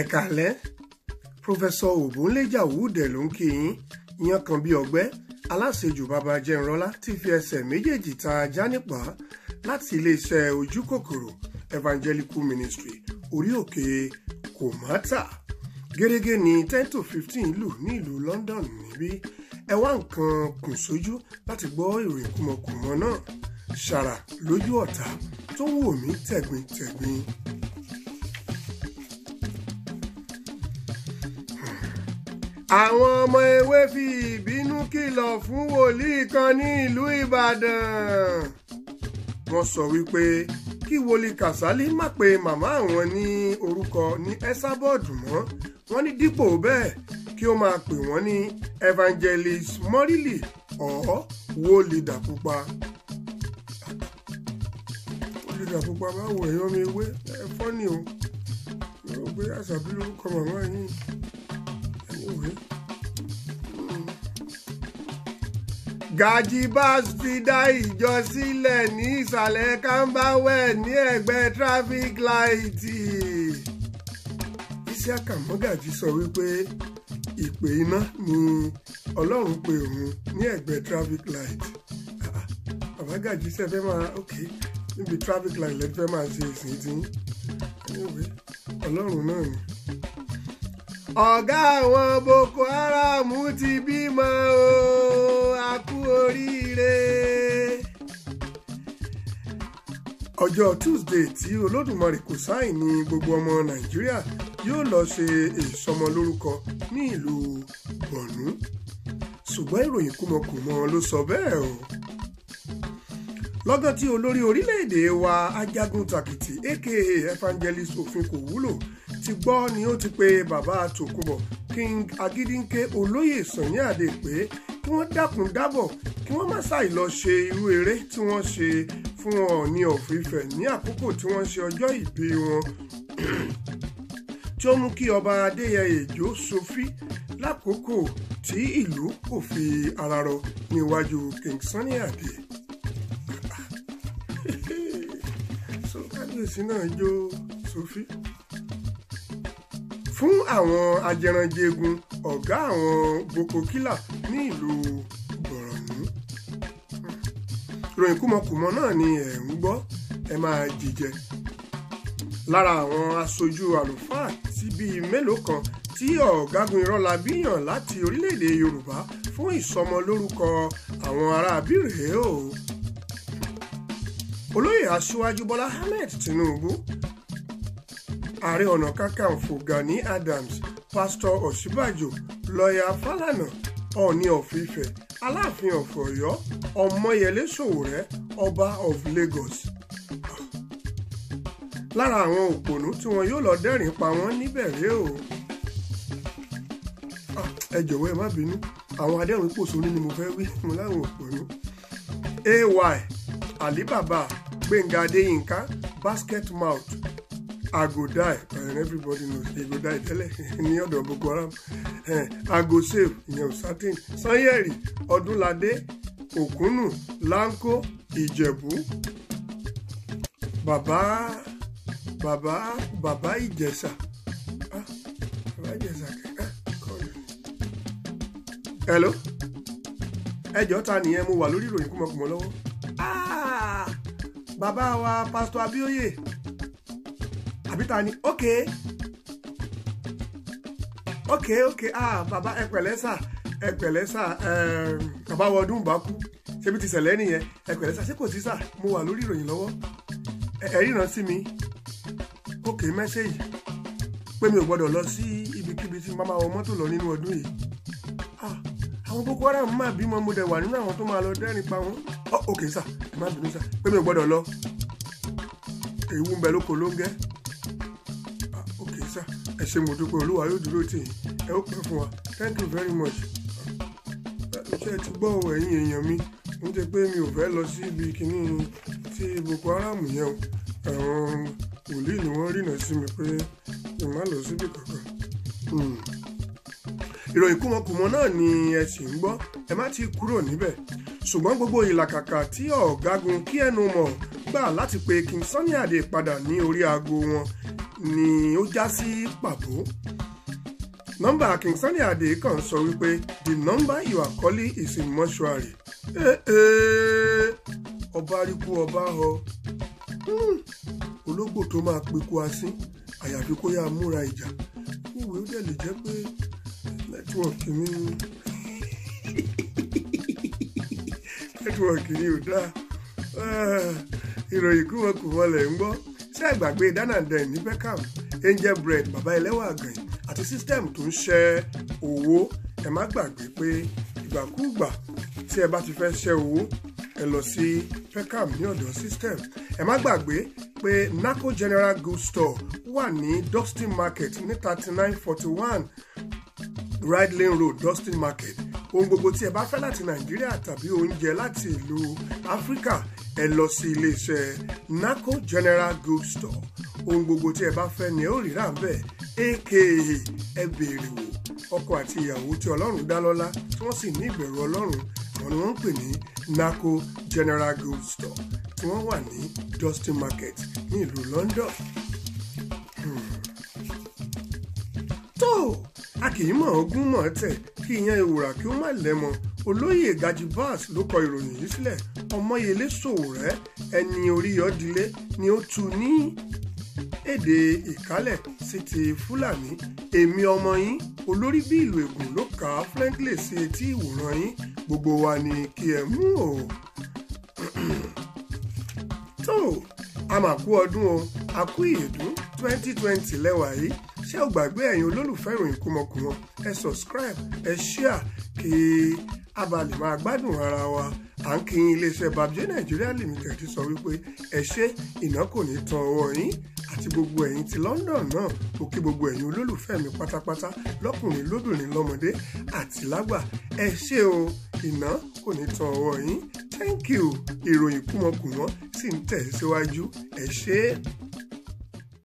ẹ̀kálẹ́ Professor Ògúnlẹ́jà Òwúdẹ̀ ló ń kí yín yan kan bí ọgbẹ́ aláṣejù bàbá jẹnrọlá ti fi ẹsẹ̀ méjèèjì ta ajá nípa láti iléeṣẹ́ ojúkòkòrò Evangelical Ministry orí òkè kòmátà gẹ́gẹ́ ní ten to fifteen lù ní ìlú London níbí ẹ wá nǹkan kùn sójú láti gbọ́ ìròyìn kùmọ̀kùmọ̀ náà ṣàrà lójú ọ̀tá tó wù mí tẹ̀gbintẹ̀gbin. àwọn ọmọ ewé fi ìbínú kìlọ̀ fún wòlíì kan ní ìlú Ìbàdàn wọ́n sọ wípé kí wòlíì Kàsálí má pe màmá àwọn ní orúkọ ní Ẹsábọ́ọ̀dù mọ́ wọ́n ní dípò bẹ́ẹ̀ kí ó máa pè wọ́n ní Evangelist Mọ́rílì ọ̀ wòlíì Dàpúpa wòlíì Dàpúpa báwo ẹ̀yọ́ mi ewé ẹ fọ́nì o mo rò pé àṣàbí lórúkọ màmá yín. Mm-hmm. Gaji Bass fi dá ìjọ sílẹ̀ ní ìsàlẹ̀ camberwell ní ẹgbẹ́ traffic light. Isiaka Mogaji sọ wípé ìpè iná ni Ọlọ́run pe òun ní ẹgbẹ́ traffic light. Ah, ah, Bàbá Gaji sẹ fẹ́ máa ok níbi traffic light lẹ́tí fẹ́ máa ṣe ìsìn tí Ọlọ́run náà ni. ọ̀gá àwọn Boko Haram ti bímọ o a kú oríire. ọjọ́ Tuesday tí Olódùmarè kò sáì ní gbogbo ọmọ Nàìjíríà yóò lọ ṣe ìsọmọlórúkọ ní ìlú Borno ṣùgbọ́n ìròyìn kúmọkùmọ ló sọ bẹ́ẹ̀ o lọ́gán tí olórí orílẹ̀-èdè wa ajagun takiti, aka evangelist òfin kò wúlò ti gbọ́ ni ó ti pe bàbá tòkunbọ̀ king agídínké olóyè Sunny Adé pé kí wọ́n dákun dábọ̀ kí wọ́n má ṣàì lọ ṣe irú eré tí wọ́n ṣe fún Ọọ̀ni of Ife ní àkókò tí wọ́n ṣe ọjọ́ ìbí wọn tí ó mú kí ọba adéyẹyè jó sofi lákòókò tí ìlú kò fi ara rọ níwájú king Sunny Adé so kábíyèsí náà jó sofi fún àwọn ajẹranjẹgun ọ̀gá àwọn boko killer ní ìlú bọ̀rọ̀nù ìròyìn kúmọkùmọ náà ni ẹ̀ ń gbọ́ ẹ máa jíjẹ lára àwọn aṣojú àlùfáà ti bíi mélòó kan tí ọ̀gágun Irọ́lábí yàn láti orílẹ̀-èdè Yorùbá fún ìsọmọlórúkọ àwọn ará abírèé o olóyè aṣíwájú Bọ́lá Ahmed Tinubu ààrẹ ọ̀nà kakanfò gani adams pásítọ̀ òsínbàjò lọ́ọ̀yà fálànà ọ̀ọ̀ni of ifẹ̀ aláàfin of ọ̀yọ́ ọ̀mọ̀yẹlé sowore ọba of lagos. lára àwọn òpònú tí wọn yóò lọ dẹ́rìn pa wọ́n níbẹ̀ rèé o. Ah, ẹ jọ̀wọ́ ẹ má bínú àwọn adẹ́rìn pòṣónú ni mo fẹ́ wí mo láwọn òpònú. ay alibaba gbẹ̀ngà adéyínká basket mouth I go die and everybody knows he go die tẹ́lẹ̀ ní ọ̀dọ̀ Boko Haram I go save ìyẹn ò certain Sanyẹ̀rì Ọdúnladé Òkúnnù Láńkó Ìjẹ̀bú bàbá bàbá bàbá Ìjẹ̀ṣà ah, bàbá Ìjẹ̀ṣà kẹ́kẹ́ ah, kọ́ni. hello ẹjọ́ ta nìyẹn mo wà lórí ìròyìn kúmọ̀kúmọ̀ lọ́wọ́ ah, bàbá wa pásítọ̀ Abíóyè àbí ta ni ok ok ok ah bàbá ẹ pẹ̀lẹ́ sà ẹ pẹ̀lẹ́ sà bàbá wọdún bá kú ṣebí ti ṣẹlẹ̀ nìyẹn ẹ pẹ̀lẹ́ ṣé kò sí sà mo wà lórí ìròyìn lọ́wọ́ ẹ ríran sí mi ok mẹ́sẹ̀gì pé mi ò gbọ́dọ̀ lọ sí ibikíbi tí màmá wọ mọ́tò lọ nínú ọdún yìí àwọn boko haram máa bímọ mo dẹ̀ wà nínú àwọn tó máa lọ dẹ́rìn pa wọn ok sà ẹ má bínú sà pé mi ò gbọ́dọ̀ lọ èyí ń bẹ lóko ló ń gẹ́ ẹ ṣé mo dúpẹ́ olúwa yóò dúró tì ẹ ó pẹ́ fún wa thank you very much ṣé ẹ ti gbọ́ ẹ̀yin èèyàn mi ń jẹ́ pé mi ò fẹ́ lọ sí ibi kìíní ti Boko Haram yẹn o àwọn wòlíì ni wọ́n rìnà sí mi pé kí n má lọ síbi kankan hmm. ìròyìn kúmọkùmọ náà ni ẹ sì ń gbọ́ ẹ má ti kúrò níbẹ̀ ṣùgbọ́n gbogbo ìlàkàkà tí ọ̀gágun kí ẹnu mọ̀ gbà láti pe King Sunny Adé padà ní orí aago wọn ni ó já sí pàtó nọ́mbà King kan sọ wípé the number you are calling is in mortuary ọba ríkú ọba họ hmm, ológbò tó máa peku asín àyàfi kó yáa múra ìjà ìwé ó dẹ̀ lè jẹ́ pé nẹ́tíwọ̀kì mi nẹ́tíwọ̀kì ni ò dáa ìròyìn kúmọ̀kùmọ̀ ń ṣe àgbàgbé dan and den ní Beckham angel bread bàbá ẹlẹ́wà àgàn àti system tó ń ṣẹ́ owó ẹ má gbàgbé pé ìgbàkúùgbà tí ẹ bá ti fẹ́ ṣẹ́ owó ẹ lọ sí Beckham ní ọ̀dọ̀ system ẹ má gbàgbé pé naco general goods store wà ní Dustin market ní thirty nine forty one Ridley road Dustin market ohun gbogbo tí ẹ bá fẹ́ láti nàìjíríà tàbí oúnjẹ láti ìlú áfíríkà ẹ lọ sí iléeṣẹ́ naco general good store ohun gbogbo tí ẹ bá fẹ́ ni ó rí rà ń bẹ̀ aka ẹ béèrè wò ọkọ àti ìyàwó tí ọlọ́run dá lọ́lá tí wọ́n sì ní ìbẹ̀rù ọlọ́run wọn ni wọ́n ń pè ní naco general good store tí wọ́n wà ní dustin market ní ìlú london. Hmm. tó a kì í mọ̀ ogún mọ̀ tẹ̀ kí ìyẹn ìwòrà kí ó má lẹ́mọ olóyè gajibas ló kọ ìròyìn yìí sílẹ̀ ọmọyẹlé sòwòrẹ́ ẹni oríyọdílé ni ó tu ní èdè ìkálẹ̀ sí ti fúlàní èmi ọmọ yín olórí bí ìlú ègùn ló kà á frankly sí etí ìwòran yín gbogbo wa ni kí ẹ mú o tó a mà kú ọdún o a kú ìyèdún twenty twenty lẹ́wàá yìí ṣé ò gbàgbé ẹ̀yin olólùfẹ́ ìròyìn kúmọkùmọ ẹ subscribe ẹ share kí a máa gbádùn ara wa à ń kí iléeṣẹ́ babjẹ́ nàìjíríà limited sọ wípé ẹ ṣé iná kò ní tan ọwọ́ yín àti gbogbo ẹ̀yin ti London náà mo kí gbogbo ẹ̀yin olólùfẹ́ mi pátápátá lọ́kùnrin lóbìnrin lọ́mọdé àti lágbà ẹ ṣé o iná kò ní tan ọwọ́ yín thank you ìròyìn kúmọkùmọ sì ń tẹ̀síwájú ẹ ṣé.